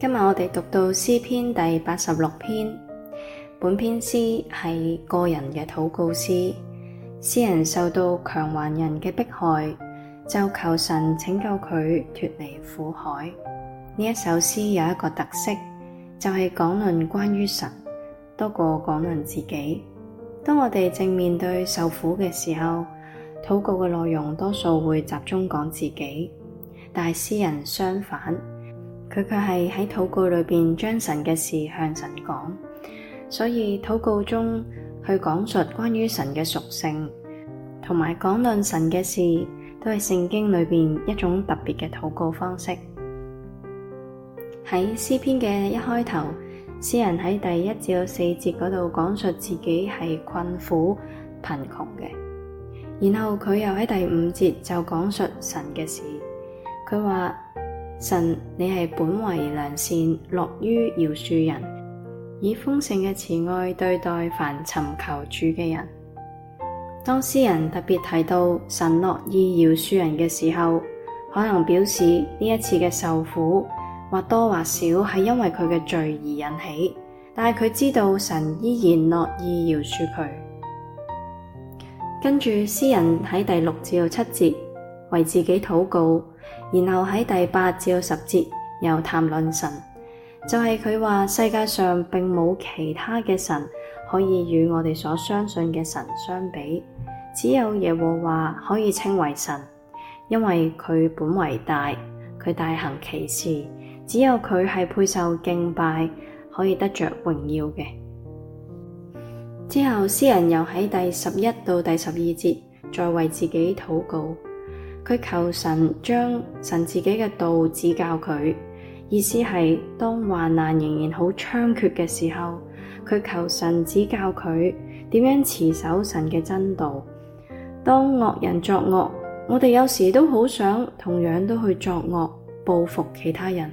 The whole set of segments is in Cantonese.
今日我哋讀到詩篇第八十六篇，本篇詩係個人嘅禱告詩，詩人受到強橫人嘅迫害，就求神拯救佢脫離苦海。呢一首詩有一個特色，就係講論關於神，多過講論自己。當我哋正面對受苦嘅時候，禱告嘅內容多數會集中講自己，但係詩人相反。佢卻係喺禱告裏面將神嘅事向神講，所以禱告中去講述關於神嘅屬性，同埋講論神嘅事，都係聖經裏面一種特別嘅禱告方式。喺詩篇嘅一開頭，詩人喺第一至到四節嗰度講述自己係困苦貧窮嘅，然後佢又喺第五節就講述神嘅事，佢話。神，你係本為良善，樂於饒恕人，以豐盛嘅慈愛對待凡尋求主嘅人。當詩人特別提到神樂意饒恕人嘅時候，可能表示呢一次嘅受苦或多或少係因為佢嘅罪而引起，但係佢知道神依然樂意饒恕佢。跟住，詩人喺第六至到七節為自己禱告。然後喺第八至十節又談論神，就係佢話世界上並冇其他嘅神可以與我哋所相信嘅神相比，只有耶和華可以稱為神，因為佢本為大，佢大行其事，只有佢係配受敬拜，可以得着榮耀嘅。之後詩人又喺第十一到第十二節再為自己禱告。佢求神將神自己嘅道指教佢，意思係當患難仍然好猖獗嘅時候，佢求神指教佢點樣持守神嘅真道。當惡人作惡，我哋有時都好想同樣都去作惡，報復其他人，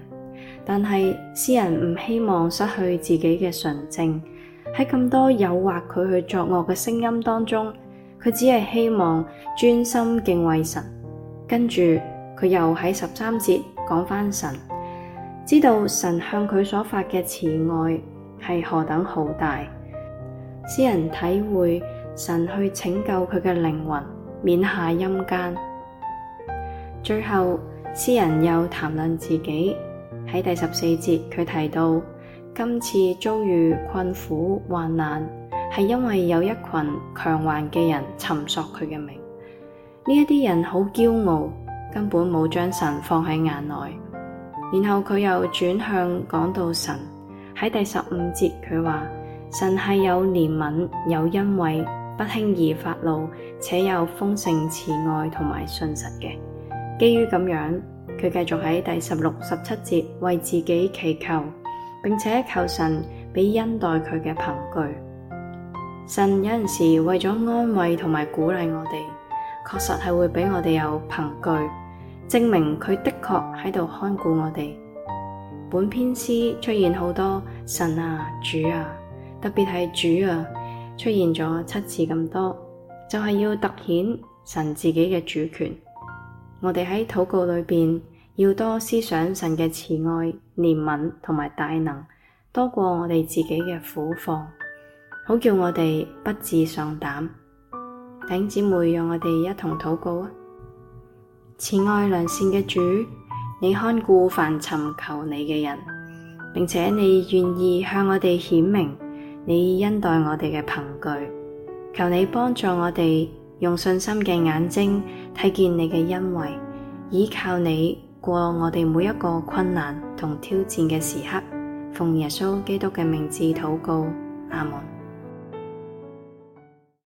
但係詩人唔希望失去自己嘅純正，喺咁多誘惑佢去作惡嘅聲音當中，佢只係希望專心敬畏神。跟住佢又喺十三節講返神，知道神向佢所發嘅慈愛係何等浩大，詩人體會神去拯救佢嘅靈魂，免下陰間。最後詩人又談論自己喺第十四節，佢提到今次遭遇困苦患難，係因為有一群強橫嘅人尋索佢嘅命。呢一啲人好驕傲，根本冇將神放喺眼內。然後佢又轉向講到神喺第十五節他說，佢話神係有憐憫、有恩惠、不輕易發怒，且有豐盛慈愛同埋信實嘅。基於咁樣，佢繼續喺第十六、十七節為自己祈求，並且求神俾恩待佢嘅憑據。神有陣時為咗安慰同埋鼓勵我哋。確實係會俾我哋有憑據，證明佢的確喺度看顧我哋。本篇詩出現好多神啊、主啊，特別係主啊出現咗七次咁多，就係、是、要特顯神自己嘅主權。我哋喺禱告裏邊要多思想神嘅慈愛、憐憫同埋大能，多過我哋自己嘅苦況，好叫我哋不自喪膽。弟兄姊妹，讓我哋一同禱告啊！慈愛良善嘅主，你看顧凡尋求你嘅人，並且你願意向我哋顯明你恩待我哋嘅憑據。求你幫助我哋用信心嘅眼睛睇見你嘅恩惠，倚靠你過我哋每一個困難同挑戰嘅時刻。奉耶穌基督嘅名字禱告，阿門。